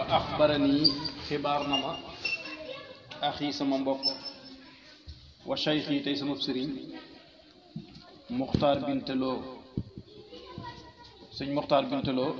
wa axbarani xibaar na ma axi sama mbokk wa cheikh yi tey sama sëriñ muxtaar bintaloo sëñ muxtaar bintaloo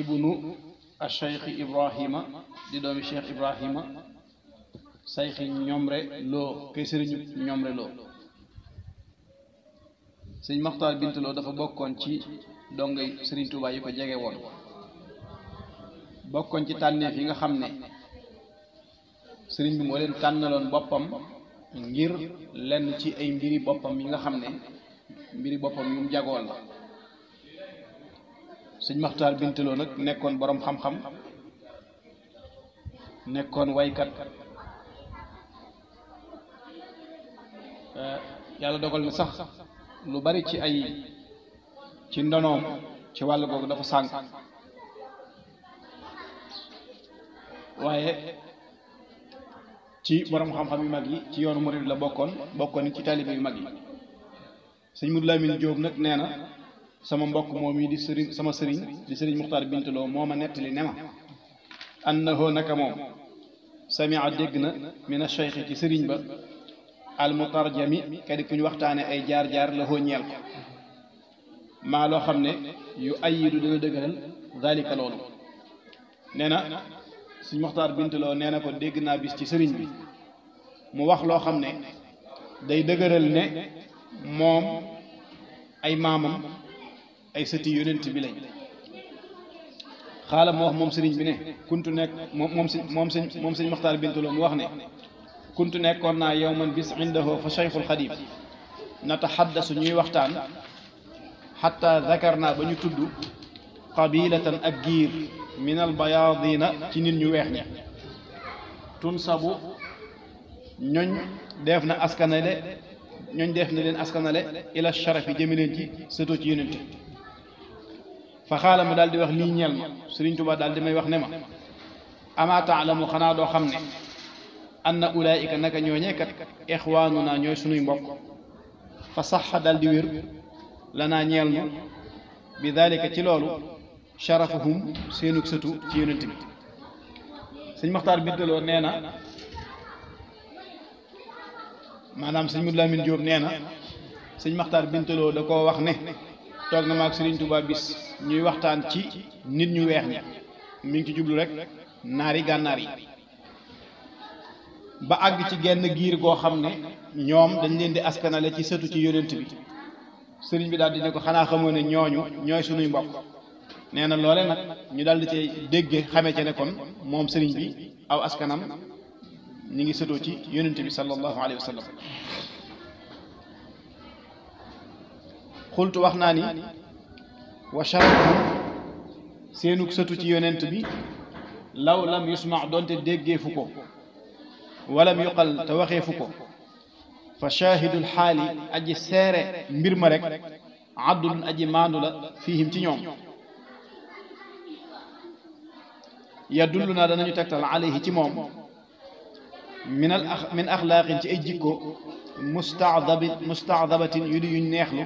ibnu a cheikh ibrahima di doomi cheikh ibrahima sayxi ñomre loo kay sëriñu ñomre loo sëñ Maxtaar Bintaloo dafa bokkoon ci dongay sëriñ Touba yi ko jege woon bokkoon ci tànneef yi nga xam ne sëriñ bi moo leen tànnaloon boppam ngir lenn ci ay mbiri boppam yi nga xam ne mbiri boppam yu mu jagoon la sëñ Maxtaar Bintaloo nag nekkoon boroom xam-xam nekkoon waykat eh, yàlla dogal na sax lu bari ci ay ci ndonoom ci wàll googu dafa sànq waaye ci borom xam-xam yu mag yi ci yoonu murid la bokkoon bokkoon ci taalibe yu mag yi sëñ Moudou Lamine Diop nag nee na sama mbokk moom yi di sëriñ sama sëriñ di sëriñ Muxtaar Bintaloo moo ma nettali ne ma annahu naka moom samia dégg na mina cheikh ci sëriñ ba المترجم كدي كوني وقتانا اي جار جار لهو نيال ما لو خامني يؤيد دنا دغال ذلك لول نينا سي مختار بنت لو نينا كو دغنا بيس تي سيرين بي مو واخ لو خامني داي دغرل ني موم اي مامام اي سيتي يونت بي لاي خالا مو واخ موم سيرين بي ني كنت نيك موم سيرين موم سيرين مختار بنت لو مو واخ ني كنت نكون يوما بس عنده فشيخ الخديب نتحدث ني وقتان حتى ذكرنا بني تدو قبيلة أجير من البياضين تين ني تنصب نون ديفنا أسكنالي نون ديفنا لين أسكنالي إلى الشرف جميلين جي ستو جينين جي فخالة مدال دي وخ لين يلم سرين توبا دال دي مي وخ نما أما تعلم خنا خمني anna ulaika naka ñooñee kat ikhwanuna ñoy suñu mbokk fa sahha dal di wér lanaa ñeel ñu bi dalika ci lolu sharafuhum seenug sëtu ci yoonte bi señ maxtaar biddaloo nee na maanaam sëñ Modou Lamine Diop nee na sëñ maxtaar da ko wax ne tok na mak señ Tuubaa bis ñuy waxtaan ci nit ñu wex ñi mi ngi ci jublu rek naari gànnaar ba ag ci genn giir goo xam ne ñoom dañ leen di askanale ci sëtu ci yonent bi sëriñ bi daal di ne ko xanaa xamoo ne ñooñu ñooy suñuy mbokk nee na loole nag ñu daal di cay dégge xamee ca ne kon moom sëriñ bi aw askanam ñu ngi sëtoo ci yonent bi sallallahu alayhi wa sallam xultu wax naa ni wa sharafum seenug sëtu ci yonent bi law lam yusma doonte déggeefu ko ولم يقل توخيفك فشاهد الحالي أجي سير مرمرك عدل أجي مانولا فيهم تنيوم يدلنا لنا نتكتل عليه تموم من الأخ من أخلاق تأجيكو مستعذب مستعذبة يلي ينيخلو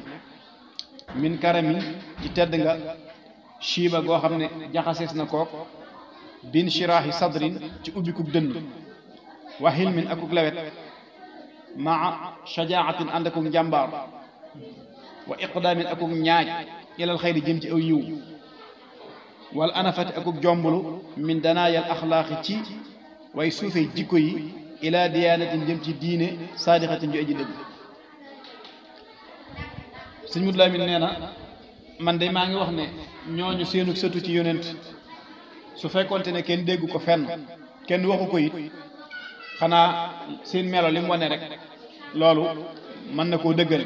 من كرمي تتدنغا شيبا غوهم جاخسيس نكوك بين شراح صدر تأبكو بدنو wa xilmin akuk lewet maa shajaatin ànd akuk njàmbaar wa iqdaamin akuk ñaaj ilal xayri jëm ci aw yiw wal anafati akuk jombulu min danaayal axlaaqi ci way suufee jikko yi ilaa diyaanatin jëm ci diine saadixatin ju aji dëgg sëñ Mudu Lamin nee na man de maa ngi wax ne ñooñu seenu sëtu ci yonent su fekkonte ne kenn déggu ko fenn kenn waxu ko xanaa seen melo lim wane rek loolu mën na koo dëggal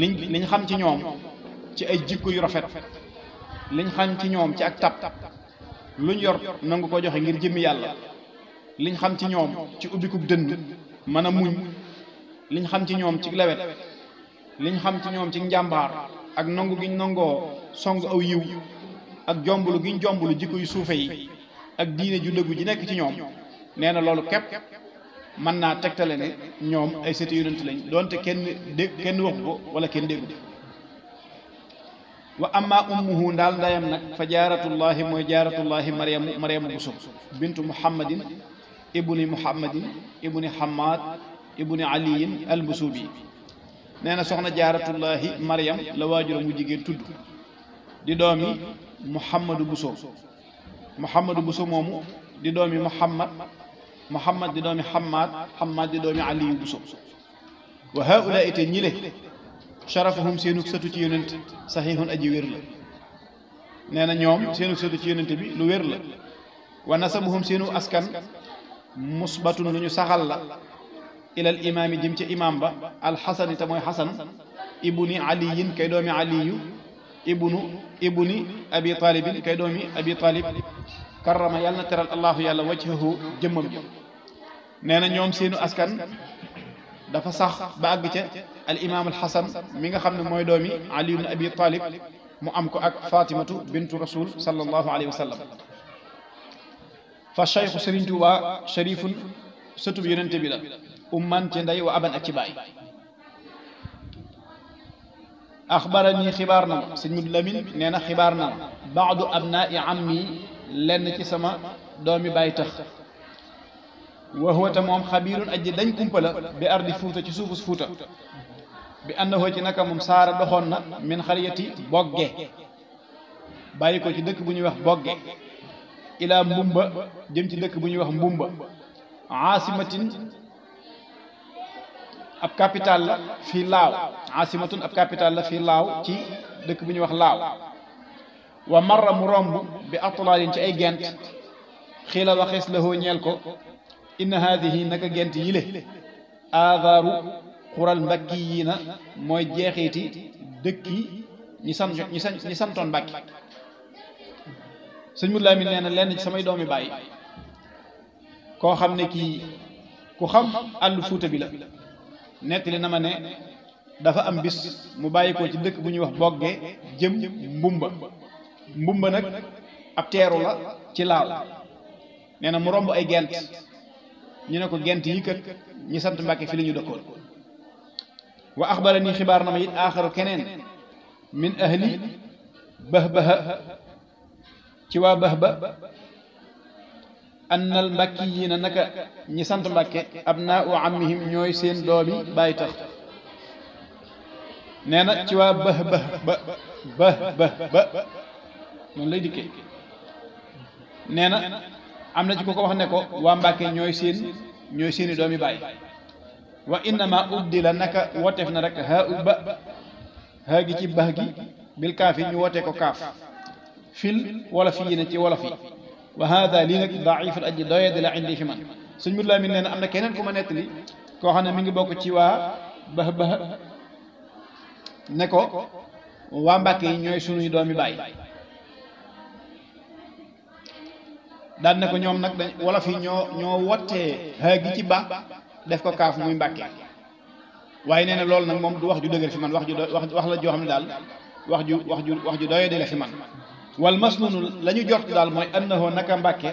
liñ liñ xam ci ñoom ci ay jikko yu rafet liñ xam ci ñoom ci ak tab ñu yor nangu ko joxe ngir jëmmi yàlla liñ xam ci ñoom ci ubbikub dënd mën a muñ liñ xam ci ñoom ci lewet liñ xam ci ñoom ci njàmbaar ak nangu gi nangoo song aw yiw ak jomblu giñ jomblu jikko yu suufe yi ak diine ju dëggu ji nekk ci ñoom nee na loolu képp mën naa tegtale ne ñoom ay sëti yonent lañ doonte kenn dégg kenn wax ko wala kenn déggu wa amma ummuhu ndaal ndayam nag fa jaaratullahi mooy jaaratullahi mariam mariama busub bintu muhammadin ibni muhammadin ibni hamad ibni aliyin al busubi nee na soxna jaaratullahi mariam la waajur mu jigéen tudd di doomi muhammadu buso muhammadu buso moomu di doomi muhammad محمد دي دومي حماد حماد دي دومي علي يوسف وهؤلاء تنيله شرفهم سينو ساتو تي يوننت صحيح اجي وير لا نانا نيوم سينو ساتو تي يوننت بي لو وير لا ونسبهم سينو اسكان مثبت لو ني سخال لا الى الامام جيم تي امام با الحسن تا موي حسن ابن علي كاي دومي علي ابن ابن ابي طالب كاي دومي ابي طالب كرم يالنا ترى الله يالا وجهه جمم نانا نيوم سينو اسكان دا فا صاح باغ الامام الحسن ميغا خامن موي دومي علي بن ابي طالب مو امكو اك فاطمه بنت رسول صلى الله عليه وسلم فالشيخ سيرين توبا شريف ستوب يونتي بلا امان تي نداي وابن اتي اخبرني خبارنا سيدنا لامين نينا خبارنا بعض ابناء عمي lenn ci sama doomi bàyyi tax waxwata moom xabiirun aji dañ kumpa la bi ardi fuuta ci suufus fuuta bi àndaxoo ci naka moom saara doxoon na min xariyati bogge bàyyi ci dëkk bu ñuy wax bogge ilaa mbumba jëm ci dëkk bu ñuy wax mbumba aasimatin ab capital la fii laaw aasimatun ab capital la fii laaw ci dëkk bu ñuy wax laaw waa marra mu romb bi atlaalin ci ay gent xiila waxees lahoo ñeel ko inna haadihi naka gent yile aadaaru xural mbakki yii na mooy jeexiti dëkki ñi san ñi san ñi santoon mbàkki sëñ mut laamin nee na lenn ci samay doomi bàyyi koo xam ne kii ku xam àllu fuuta bi la nettali na ma ne dafa am bis mu bàyyi ko ci dëkk bu ñuy wax bogge jëm mbumba mbumba nag ab teeru la ci laaw nee na mu romb ay gent ñu ne ko gent yi kat ñi sant Mbàkke fi lañuy ñu dëkkoon wa axbara nii xibaar na ma it aaxaru keneen min ahli bahbaha ci waa bahba annal mbàkki yii na naka ñi sant mbàkke ab naa amihim ñooy seen doomi bàyyi tax nee na ci waa bah bah ba bah noonu lay dikkee nee na am na ci ko ko wax ne ko waa Mbàkke ñooy seen ñooy seeni doomi bàyyi wa innama ubdila naka woteef na rek ha ubba ha gi ci bax gi bil kaaf ñu wotee ko kaaf fil wolof yi ne ci wolof yi wa hada lii nag daifal aji doye di la indi fi man suñ laa mi nee am na keneen ku ma nettali koo xam ne mi ngi bokk ci waa bax bax ne ko waa Mbàkke yi ñooy sunuy doomi bàyyi dal ne ko ñoom nag dañ wolof ño ñoo ñoo wottee gi ci ba def ko kaf muy mbacke waye neena na nak mom du wax ju deugal fi man wax ju wax wax la jo xam dal wax ju wax ju wax ju doyo de la fi man wal masnun lañu ñu jort daal mooy annahu naka mbacke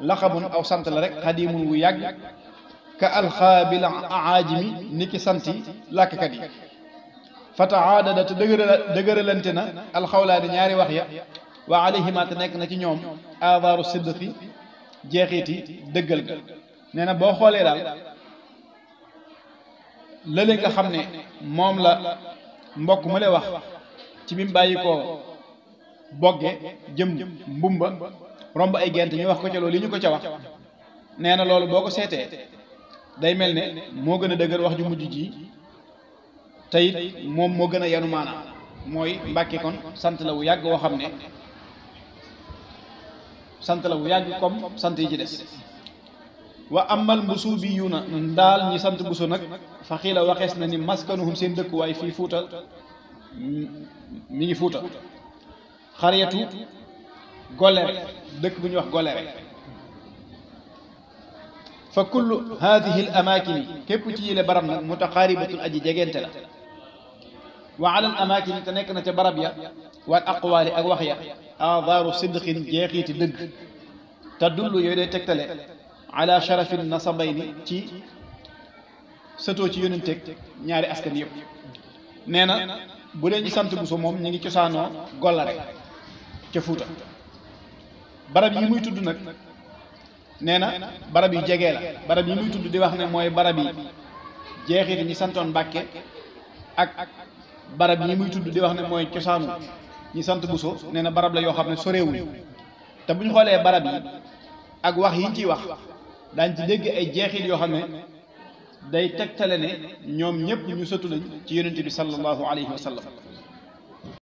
lakhabun aw sant la rek qadimun wu yag ka al khabil aajimi niki ki santi làkkat yi fataadada deugere dëgëra dëgëralante na alxawlaani ñaari wax ya waa alayhima te nekk na ci ñoom avaaru sidqi jeexiti dëggal ga nee na boo xoolee daal lële nga xam ne moom la mbokk mu lay wax ci bi mu bàyyi ko bogge jëm mbumba romb ay gent ñu wax ko ca loolu li ñu ko ca wax nee na loolu boo ko seetee day mel ne moo gën a dëgër wax ju mujj ji te it moom moo gën a yanu maanaam mooy mbàkke kon sant la wu yàgg woo xam ne sant la bu yàgg comme sant yi ci des wa amal mbusu bi yu ñi sant mbusu nak fa xiila waxees na ni maskanuhum seen way fi fuuta mi ngi fuuta xariyatu golere dëkk bu ñuy wax golere fa kullu hadhihi al amakin kep ci yele baram nak mutaqaribatu aji jegente la وعلى الأماكن تنكنا تبربيا والأقوى لأغوخيا آذار صدق جيخي تدق تدل يدي تكتلي على شرف النصبين تي ستو تي يونن تك نياري أسكن يب نينا بولين جسان تبسو موم نيني كسانو غلر كفوتا برب يمي تدنك نينا برب يجيغيلا برب يمي تدو دي وحنا موي برب يجيغي ني سانتون باكي أك barab yi muy tudd di wax ne mooy cosaanu ñi sant Bousso nee na barab la yoo xam ne sorewul te bu ñu xoolee barab yi ak wax yi ñu ciy wax daañ ci dégg ay jeexit yoo xam ne day tegtale ne ñoom ñëpp ñu sëtu lañ ci yonent bi sallallahu alayhi wa sallam